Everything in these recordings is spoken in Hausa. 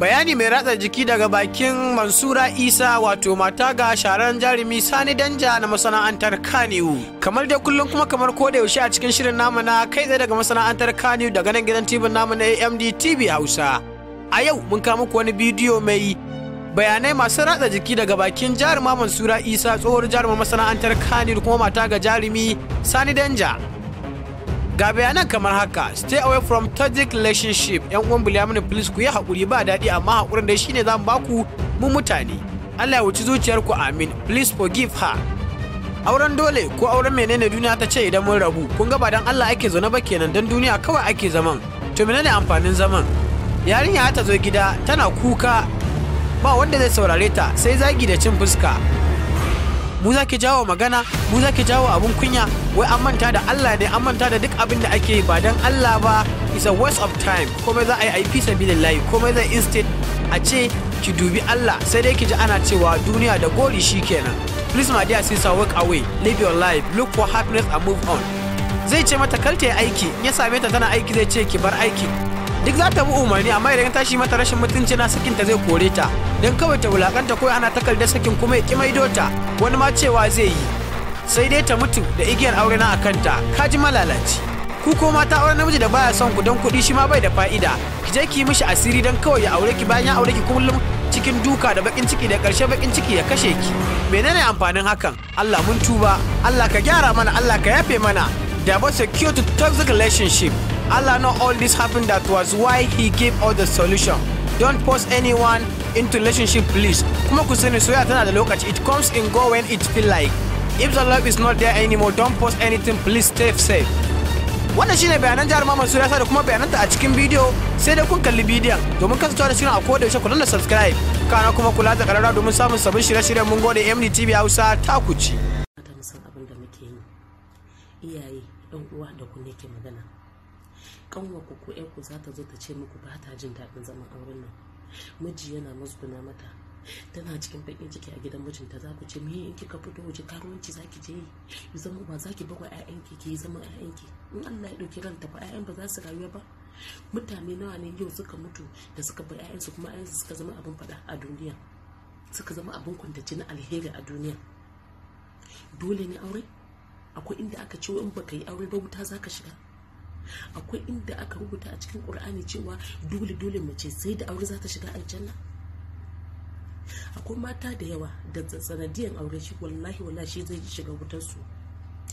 bayani mai ratsa jiki daga bakin mansura isa wato mata ga sharan jarumi sani danja na masana'antar kaniwu kamar dai kullum kuma kamar ko da yaushe a cikin shirin namu na kai tsaye daga masana'antar kaniwu daga nan gidan tv namu na amd tv hausa a yau mun kawo muku wani bidiyo mai bayanai masu ratsa jiki daga bakin jaruma mansura isa tsohuwar jaruma masana'antar kaniwu kuma mata ga jarumi sani danja Ga bayanan kamar haka, stay away from toxic relationship, ‘yan uwan Bulyamini please ku yi haƙuri ba daɗi amma haƙurin dai shine zan baku mu mutane. Allah ya wuci zuciyarku amin, please forgive her. Auren dole ko auren menene duniya ta ce idan mun rabu, kun ga ba dan Allah ake zaune ba kenan dan duniya kawai ake zaman. To menene amfanin zaman? Yarinya ta zo gida tana kuka ba wanda zai saurare ta sai zagi da cin fuska. mu za ki jawo magana mu za ki jawo abun kunya wai an manta da Allah ne an manta da duk abin da ake yi ba dan Allah ba is a waste of time komai za a yi a yi fi sabilillahi komai zai instead a ce ki dubi Allah sai dai ki ji ana cewa duniya da gori shikenan please my dear sister walk away live your life look for happiness and move on zai ce mata kalta aiki in ya same ta tana aiki zai ce ki bar aiki duk za ta bi umarni amma idan ta shi mata rashin mutunci na sakin ta zai kore ta don kawai ta wulakanta ko ana takardar sakin kuma ya ki maido ta wani ma cewa zai yi sai dai ta mutu da igiyar aure na akanta ka ji malalaci ku ko mata aure namiji da baya son ku don kuɗi shi ma bai da fa'ida ki je ki yi mishi asiri don kawai ya aure ki bayan ya aure ki kullum cikin duka da bakin ciki da ƙarshe bakin ciki ya kashe ki menene amfanin hakan Allah mun tuba Allah ka gyara mana Allah ka yafe mana da ba secure to toxic relationship Allah know all this happened. That was why He gave all the solution. Don't post anyone into relationship, please. Kuma ku sani soyayya tana da lokaci. It comes and go when it feel like. If the love is not there anymore, don't post anything. Please stay safe. wannan shine bayanan jihar Maman Suriya da kuma bayananta a cikin bidiyo sai dai kun kalli bidiyon domin kasancewa da shirin a koda yaushe ku danna subscribe kana kuma kula da karara domin samun sabbin shirye-shiryen mun gode MDTV Hausa ta kuci. iyaye ɗan uwa da ku nake magana. kanwarku ko ku za ta zo ta ce muku ba ta jin daɗin zaman auren nan miji yana musguna mata tana cikin baƙin ciki a gidan mijinta za ku ce me in kika fito waje karuwanci za ki je yi zama ba za ki bawa ƴaƴanki ki yi zama ƴaƴanki in Allah ya dauki ranta ba ƴaƴan ba za su rayuwa ba mutane nawa ne yau suka mutu da suka bar ƴaƴansu kuma ƴaƴansu suka zama abin faɗa a duniya suka zama abin kwantace na alheri a duniya dole ne aure akwai inda aka ce in baka yi aure ba wuta za ka shiga akwai inda aka rubuta a cikin ƙur'ani cewa dole dole mace sai da aure za ta shiga aljanna akwai mata da yawa da sanadiyan aure shi wallahi wallahi shi zai shiga wutar su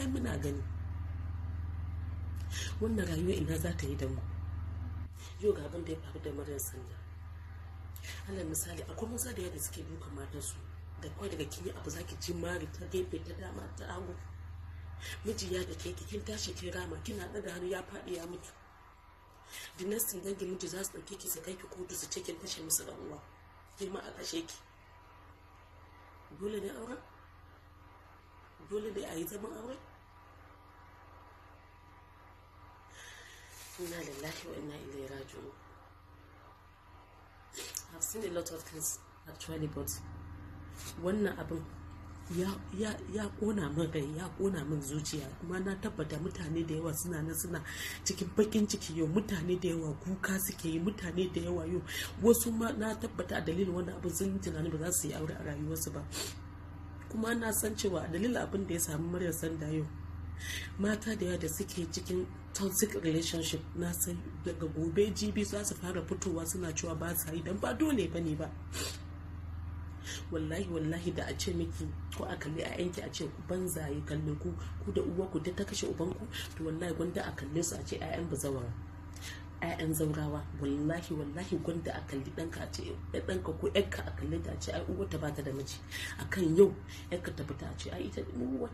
ai muna gani wannan rayuwa ina za ta yi da mu yau ga abin da ya faru da maryam sanya alal misali akwai maza da yawa da suke duka matarsu da kawai daga kinyi abu zaki ji mari ta gefe ta dama ta hagu miji ya dake ki kin tashi kin rama kina daga hannu ya faɗi ya mutu dinastin dangin miji za su ɗauke ki su kai ki kotu su cikin tashi musu da uwa girma a kashe ki dole ne auren dole ne a yi zaman auren Ina lillahi wa inna ilaihi raji'un I've seen a lot of things actually but wannan abin ya kona min rai ya kona min zuciya kuma na tabbata mutane da yawa suna nan suna cikin bakin ciki yau mutane da yawa kuka suke yi mutane da yawa yau wasu ma na tabbata a dalilin wani abin sun tunanin ba za su yi aure a rayuwarsu ba kuma na san cewa a dalilin abin da ya sami muryar sanda yau mata da yawa da suke cikin toxic relationship na san daga gobe jibi za su fara fitowa suna cewa ba sa yi dan ba dole bane ba wallahi wallahi da a ce miki ko a kalli a yanki a ce ku banzaye kalle ku ku da uwa ku ta kashe ubanku to wallahi gwanda a kalle su a ce 'ya'yan bazawara ayan zaurawa wallahi wallahi gwanda a kalli ɗanka a ce danka ko yanka a kalle ta a ce ai ta ba ta da miji akan yau yanka ta fita a ce ai ita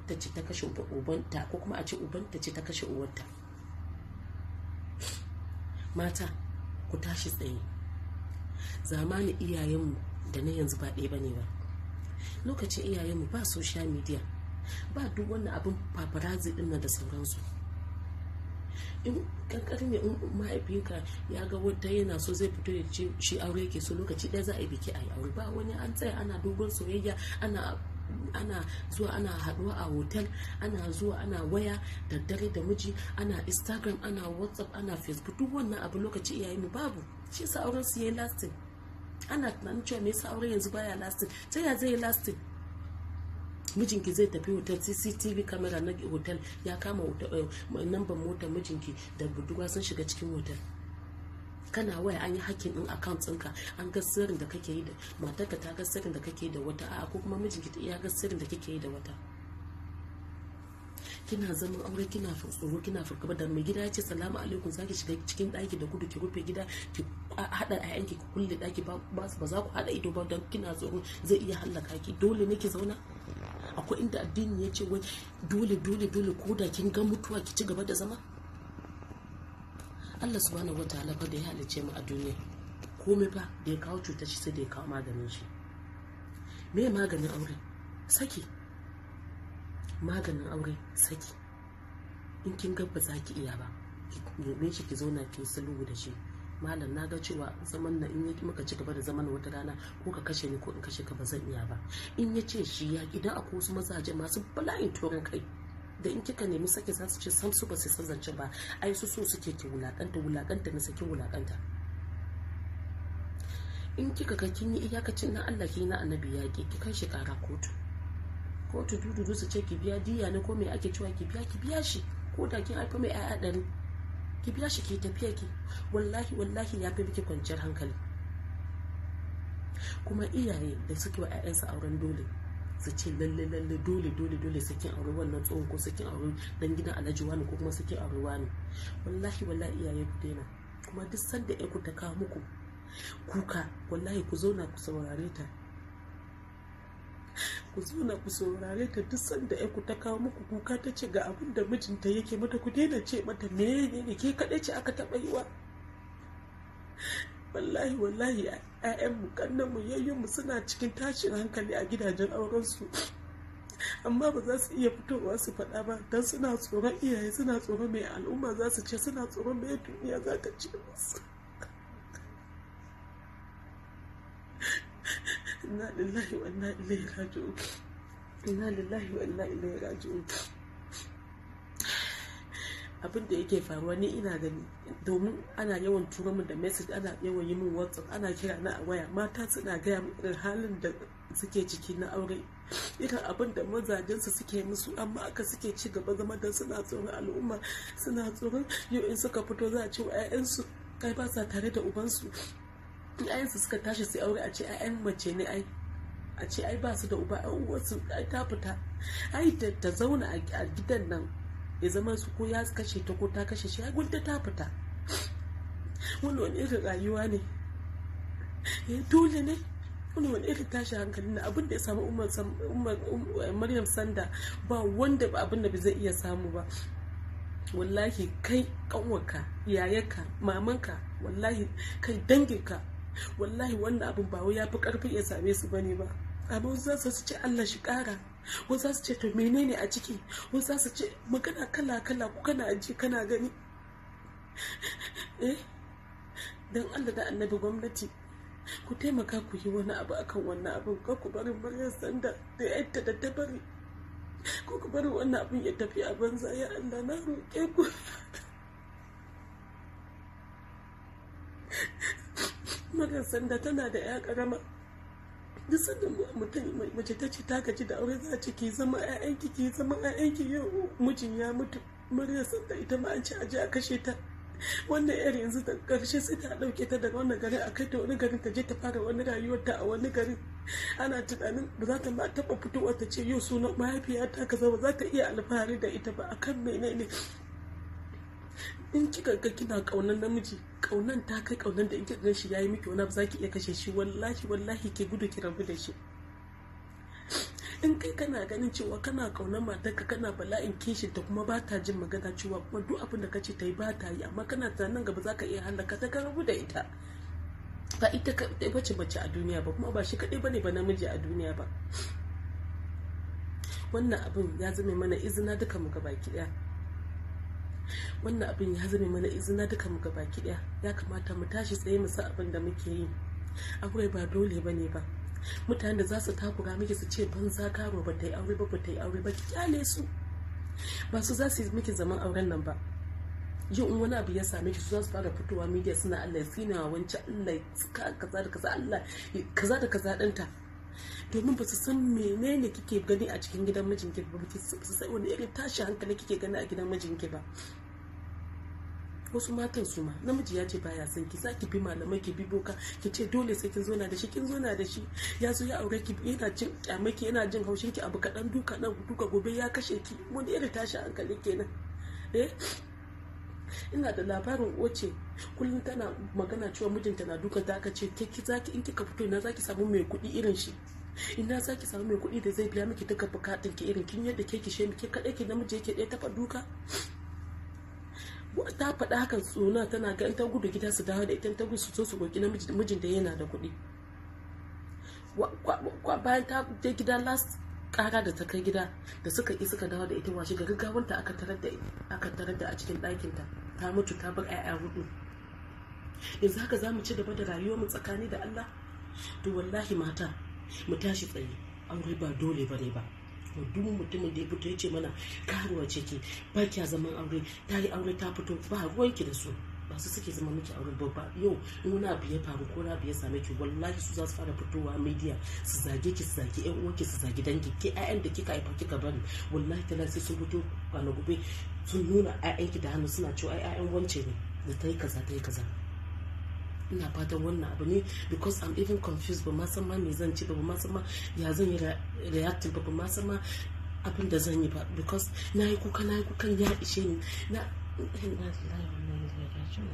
ta ce ta kashe ubanta ko kuma a ce ubanta ce ta kashe uwarta mata ku tashi tsaye zamani iyayenmu da na yanzu ba ɗaya ne ba lokacin iyayenmu ba social media ba duk wannan abin paparazzi din da sauransu in kankarin ne mahaifinka ya ga wata yana so zai fito ya ce shi aure yake so lokaci ɗaya za a yi biki a yi aure ba wani an tsaya ana dogon soyayya ana zuwa ana haduwa a hotel ana zuwa ana waya da dare da miji ana instagram ana whatsapp ana facebook duk wannan abu lokaci iyayenmu babu shi sa auren su yayi lasting ana tunanin cewa me yasa aure yanzu baya lasting ta ya zai lasting mijinki zai tafi hotel cctv camera na hotel ya kama eh, number motar mijinki da budurwa sun shiga cikin hotel kana waya an yi hakkin din account ɗinka an ga sirrin da kake yi da matarka ta ga sirrin da kake yi da wata a'a ko kuma mijinki ta iya ga sirrin da kake yi da wata kina zaman aure kina tsoro kina fargaba da mai gida ya ce salamu alaikum zaki shiga cikin daki da gudu ki rufe gida ki hada ayan ki kulle daki ba ba za ku hada ido ba dan kina tsoro zai iya hallaka ki dole ne ki zauna akwai inda addini ya ce wai dole dole dole ko da kin ga mutuwa ki ci gaba da zama Allah subhanahu wataala fa da ya halice mu a duniya komai fa da ya kawo cutar shi sai da ya kawo maganin shi me maganin aure saki maganin aure saki in kin ga ba za ki iya ba ki shi ki zauna ki sulhu da shi malam na ga cewa zaman na in yi maka ci gaba da zaman wata rana ko ka kashe ni ko in kashe ka ba zan iya ba in ya ce shi ya idan akwai wasu mazaje masu bala'in turin kai da in kika nemi saki za su ce sam su ba su san zance ba ai su so suke ki wulakanta wulakanta na sakin wulakanta in kika ga kin yi iyakacin na Allah ki na annabi ya ki kai shi ƙara kotu ko dudu su ce ki biya diya ne ko me ake cewa ki biya ki biya shi ko da kin haifa mai 'ya'ya ɗari ki biya shi ki tafiya ki wallahi wallahi ya fi miki kwanciyar hankali kuma iyaye da suke wa 'ya'yansu auren dole su ce lalle lalle dole dole dole sakin aure wannan tsohon ko sakin aure dan gidan alhaji wani ko kuma sakin aure wani wallahi wallahi iyaye ku daina kuma duk sanda ya ku ta kawo muku kuka wallahi ku zauna ku saurare ta ku zuna ku saurare ta duk sanda ya ku ta kawo muku kuka ta ce ga abin da mijinta yake mata ku daina ce mata me ne ke kaɗai ce aka taɓa yi wa wallahi wallahi mu yayyun mu suna cikin tashin hankali a gidajen auren su amma ba za su iya fitowa su faɗa ba don suna tsoron iyaye suna tsoron mai al'umma za su ce suna tsoron mai duniya za ta ce musu inna lillahi wa inna ilaihi raji'un inna lillahi wa inna ilaihi raji'un abin da yake faruwa ni ina gani domin ana yawan tura min da message ana yawan yi min whatsapp ana kira na a waya mata suna gaya min irin halin da suke ciki na aure irin abin da mazajen su suke musu amma aka suke ci gaba zama da suna tsoron al'umma suna tsoron yau in suka fito za a ce wa 'ya'yansu kai ba sa tare da ubansu in su suka tashi su aure a ce 'ya'yan mace ne ai a ce ai ba su da uba ai uwarsu ai ta fita ai ta zauna a gidan nan ya zama su ko ya kashe ta ko ta kashe shi ai gunta ta fita wani wani irin rayuwa ne ya eh, dole ne wani wani irin tashi hankali na abin da ya samu um, eh, maryam sanda ba wanda ba abin da zai iya samu ba wallahi kai kanwarka yayarka mamanka wallahi kai danginka wallahi wannan abin ba wai yafi karfin ya same su bane ba amma wasu za su ce Allah shi kara wasu za su ce to menene a ciki wasu za su ce magana kala kala ko kana ji kana gani eh dan Allah da annabi gwamnati ku taimaka ku yi wani abu akan wannan abin ka ku bari Maryam sanda da yadda da ta bari ko ku bari wannan abin ya tafi a banza ya Allah na roƙe ku mara sanda tana da ya karama duk sanda mutum mace ta ce ta gaji da aure za ce ki zama ƴaƴanki ki zama ƴaƴanki yau mijin ya mutu mara sanda ita ma an ce a a kashe ta wannan yar yanzu da karshe sai ta dauke ta daga wannan garin a kai ta wani garin ta je ta fara wani rayuwar a wani garin ana tunanin ba za ta ma taba fitowa ta ce yau sunan mahaifiyata kaza ba za ta iya alfahari da ita ba akan menene in kika ga kina kaunan namiji kaunan ta kai kaunan da in kika gan yayi miki wani abu zaki iya kashe shi wallahi wallahi ke gudu ki rabu da shi in kai kana ganin cewa kana kaunar matarka kana bala'in kishin ta kuma ba ta jin magana cewa kuma duk abin da kace ta yi ba ta yi amma kana tunanin gaba za ka iya halaka ta ka rabu da ita ba ita kaɗai bace mace a duniya ba kuma ba shi kaɗai bane ba namiji a duniya ba wannan abin ya zame mana izina duka muka baki ɗaya wannan abin ya zame mana izina duka mu baki daya ya kamata mu tashi tsaye mu san abin da muke yi aure ba dole bane ba mutanen da za su takura miki su ce banza karo ba ta yi aure ba ba ta yi aure ba kyale su ba su za su yi miki zaman auren nan ba yau in wani abu ya same ki su za fara fitowa media suna Allah ya sina wancan Allah ya kaza da kaza Allah kaza da kaza danta. domin ba su san menene kike gani a cikin gidan mijinki ba ba su san wani irin tashi hankali kike gani a gidan mijinki ba wasu matan su ma namiji ya ce baya son ki za ki bi malamai ki bi boka ki ce dole sai kin zona da shi kin zona da shi ya zo ya aure ki yana jin kyamaki yana jin haushin ki abu kaɗan duka nan duka gobe ya kashe ki wani irin tashi hankali kenan eh ina da labarin oce kullum tana magana cewa mijinta na duka ta aka ce ke zaki in kika fito ina zaki samu mai kuɗi irin shi ina zaki samu mai kuɗi da zai biya miki duka bukatun ki irin kin yadda ke kishe ke kaɗai ki namiji yake ɗaya taɓa duka ta faɗa hakan tsona tana ga ta gudu gida su dawo da ita ta gudu su so su goki namiji mijin da yana da kuɗi bayan ta je gida last kara da ta kai gida da suka yi suka dawo da ita washe gari gaggawanta aka tarar da aka a cikin ɗakinta ta mutu ta bar 'ya'ya hudu yanzu haka za mu ci gaba da rayuwar mu tsakani da Allah to wallahi mata mu tashi tsaye aure ba dole ba ne ba duk mutumin da ya fito ya ce mana karuwa ce ke ba kya zaman aure ta yi aure ta fito ba ruwanki da su su suke zama miki aure babba yau in wani abu ya faru ko na abu ya same ki wallahi su za su fara fitowa media su zage ki su zage yan uwanki su zage dangi ki ayan da kika haifa kika bari wallahi tana sai sun fito na gobe sun nuna ki da hannu suna cewa ai ayan wance ne da ta yi kaza ta yi kaza ina fatan wannan abu ne because i'm even confused ba ma san ma me zan ci ba ma san ma ya zan yi reacting ba ma san ma abin da zan yi ba because na yi kuka na yi kukan ya ishe ni na 是